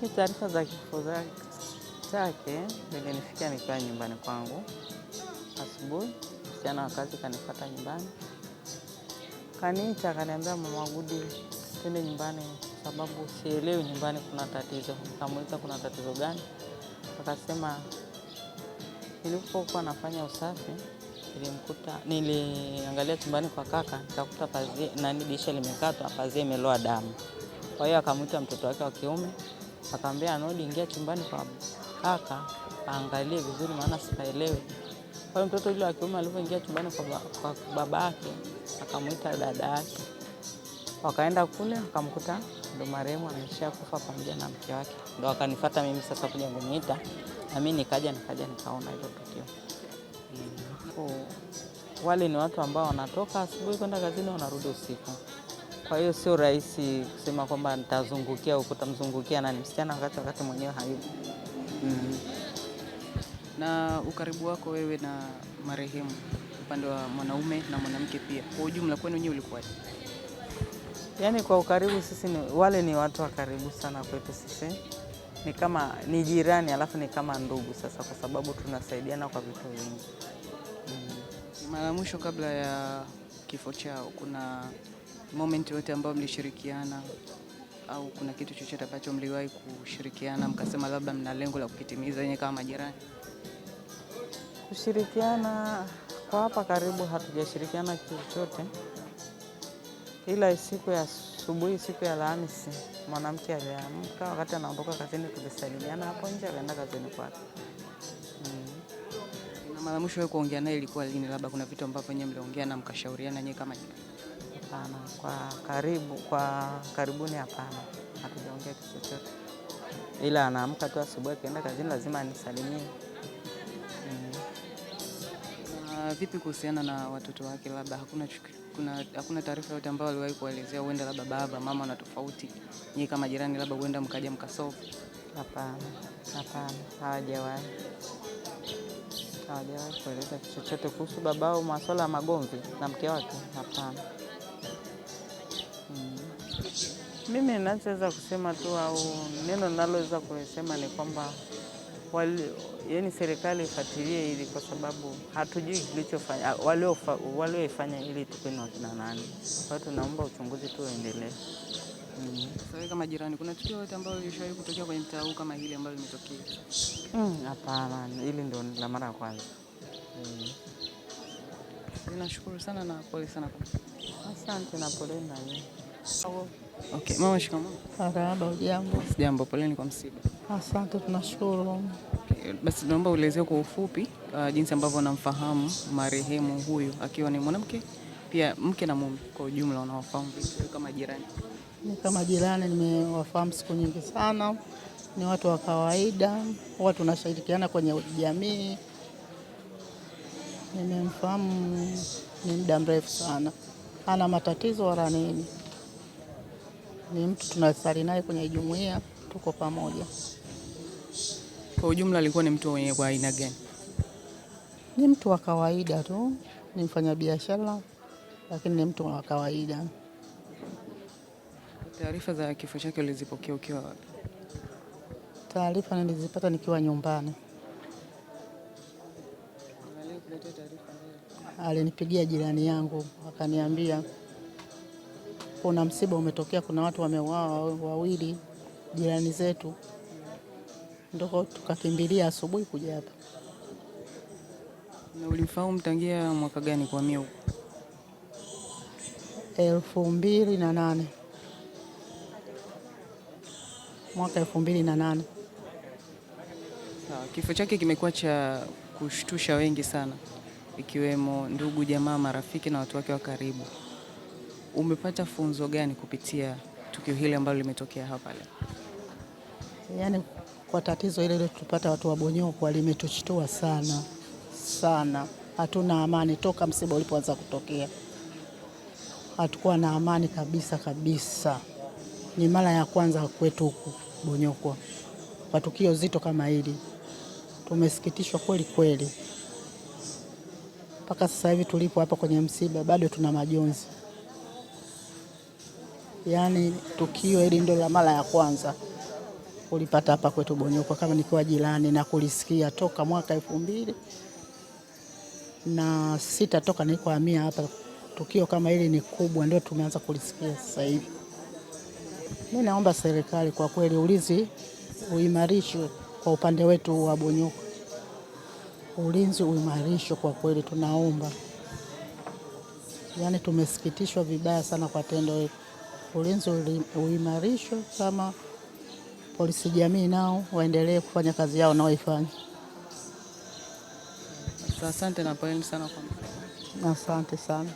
Hii taarifa za kifo chake zilinifikia nikiwa nyumbani kwangu asubuhi. Msichana wa kazi kanifata nyumbani, kaniita, kaniambia mama Gudi, twende nyumbani sababu sielewi nyumbani kuna tatizo. Nikamuuliza kuna tatizo gani? Akasema nilipokuwa nafanya usafi nilimkuta, niliangalia chumbani kwa kaka nikakuta pazia, nani dirisha limekatwa, pazia imeloa damu. Kwa hiyo akamwita mtoto wake wa kiume Akaambia Nodi, ingia chumbani kwa kaka aangalie vizuri, maana sikaelewi. Kwa hiyo mtoto yule wa kiume alivyoingia chumbani kwa baba yake, akamwita dada yake, wakaenda kule, akamkuta ndo marehemu amesha kufa pamoja na mke wake, ndo akanifata mimi sasa kuja kuniita, na mimi nikaja nikaja nikaona hilo tukio Wale ni watu ambao wanatoka asubuhi kwenda kazini, wanarudi usiku. Kwa hiyo sio rahisi kusema kwamba nitazungukia huko, tamzungukia nani? Msichana wakati wakati mwenyewe hayupo. mm. Na ukaribu wako wewe na marehemu upande wa mwanaume na mwanamke pia kwa ujumla, kwenu wenyewe ulikuwaje? Yaani kwa ukaribu, sisi ni, wale ni watu wa karibu sana kwetu sisi, ni kama ni jirani, alafu ni kama ndugu sasa, kwa sababu tunasaidiana kwa vitu vingi. mm. Mara mwisho kabla ya kifo chao kuna moment yote ambayo mlishirikiana au kuna kitu chochote ambacho mliwahi kushirikiana mkasema labda mna lengo la kukitimiza yenye kama majirani? Kushirikiana kwa hapa karibu hatujashirikiana kitu chochote, ila siku ya asubuhi, siku ya Alhamisi, mwanamke aliamka wakati anaondoka kazini, tulisalimiana hapo nje, akaenda kazini kwake. Mm. Na mara mwisho kuongea naye ilikuwa lini? Labda kuna vitu ambavyo nyewe mliongea na mkashauriana nyewe kama jirani? Hapana, kwa karibu, kwa karibuni hapana, hatujaongea kitu chochote, ila anaamka tu asubuhi akienda kazini lazima anisalimie. Mm. Ah, vipi kuhusiana na watoto wake? Labda hakuna chuki, kuna, hakuna taarifa yote ambayo aliwahi kuelezea, huenda labda baba mama na tofauti nyinyi kama jirani, labda huenda mkaja mkasofu? Hapana, hapana, hawajawahi hawajawahi kueleza kichochote chochote kuhusu babao, maswala ya magomvi na mke wake, hapana. Mimi ninachoweza kusema tu au neno naloweza kusema ni kwamba yani serikali ifuatilie hili kwa sababu hatujui kilichofanya walioifanya hili tukue na kina nani. Kwa hiyo tunaomba uchunguzi tu uendelee. Mm. Sasa kama jirani, kuna tukio lolote ambalo lishawahi kutokea kwenye mtaa huu kama hili ambalo limetokea? Mm, hapana, hili ndio la mara ya kwanza. Mm. Ninashukuru sana na pole sana. Asante na pole na wewe okay. Mama shikamoo. Marahaba, jambo. Sijambo, poleni kwa msiba. Asante, tunashukuru. Okay. Basi naomba uelezee kwa ufupi uh, jinsi ambavyo namfahamu marehemu huyu akiwa ni mwanamke pia mke na mume kwa ujumla, unawafahamu kama jirani? Ni kama jirani, nimewafahamu siku nyingi sana, ni watu wa kawaida, watu tunashirikiana kwenye jamii. Nimemfahamu ni muda mrefu sana, ana matatizo wala nini ni mtu tunasali naye kwenye jumuiya, tuko pamoja. Kwa ujumla, alikuwa ni mtu mwenye kwa aina gani? Ni mtu wa kawaida tu, ni mfanyabiashara, lakini ni mtu wa kawaida. Taarifa za kifo chake ulizipokea ukiwa wapi? Taarifa nilizipata nikiwa nyumbani. Alinipigia jirani yangu akaniambia kuna msiba umetokea, kuna watu wameuawa wawili jirani zetu, ndoko tukakimbilia asubuhi kuja hapa. Na ulimfahamu tangia mwaka gani kuhamia huko? elfu mbili na nane mwaka elfu mbili na nane. kifo chake kimekuwa cha kushtusha wengi sana, ikiwemo ndugu, jamaa, marafiki na watu wake wa karibu umepata funzo gani kupitia tukio hili ambalo limetokea hapa leo? Yaani, kwa tatizo ile tulipata watu wa Bonyokwa limetushtua sana sana, hatuna amani toka msiba ulipoanza kutokea, hatukuwa na amani kabisa kabisa. Ni mara ya kwanza kwetu huku Bonyokwa kwa tukio zito kama hili, tumesikitishwa kweli kweli. Mpaka sasa hivi tulipo hapa kwenye msiba bado tuna majonzi yaani tukio hili ndio la mara ya kwanza kulipata hapa kwetu Bonyokwa, kama nikiwa jirani na kulisikia toka mwaka elfu mbili na sita toka nilikohamia hapa. Tukio kama hili ni kubwa, ndio tumeanza kulisikia sasa hivi. Mimi naomba serikali kwa kweli ulinzi uimarishwe kwa upande wetu wa Bonyokwa, ulinzi uimarishwe kwa kweli, tunaomba. Yaani tumesikitishwa vibaya sana kwa tendo hili ulinzi uimarishwe, kama polisi jamii nao waendelee kufanya kazi yao wanaoifanya. Asante na poleni sana kwa, asante sana.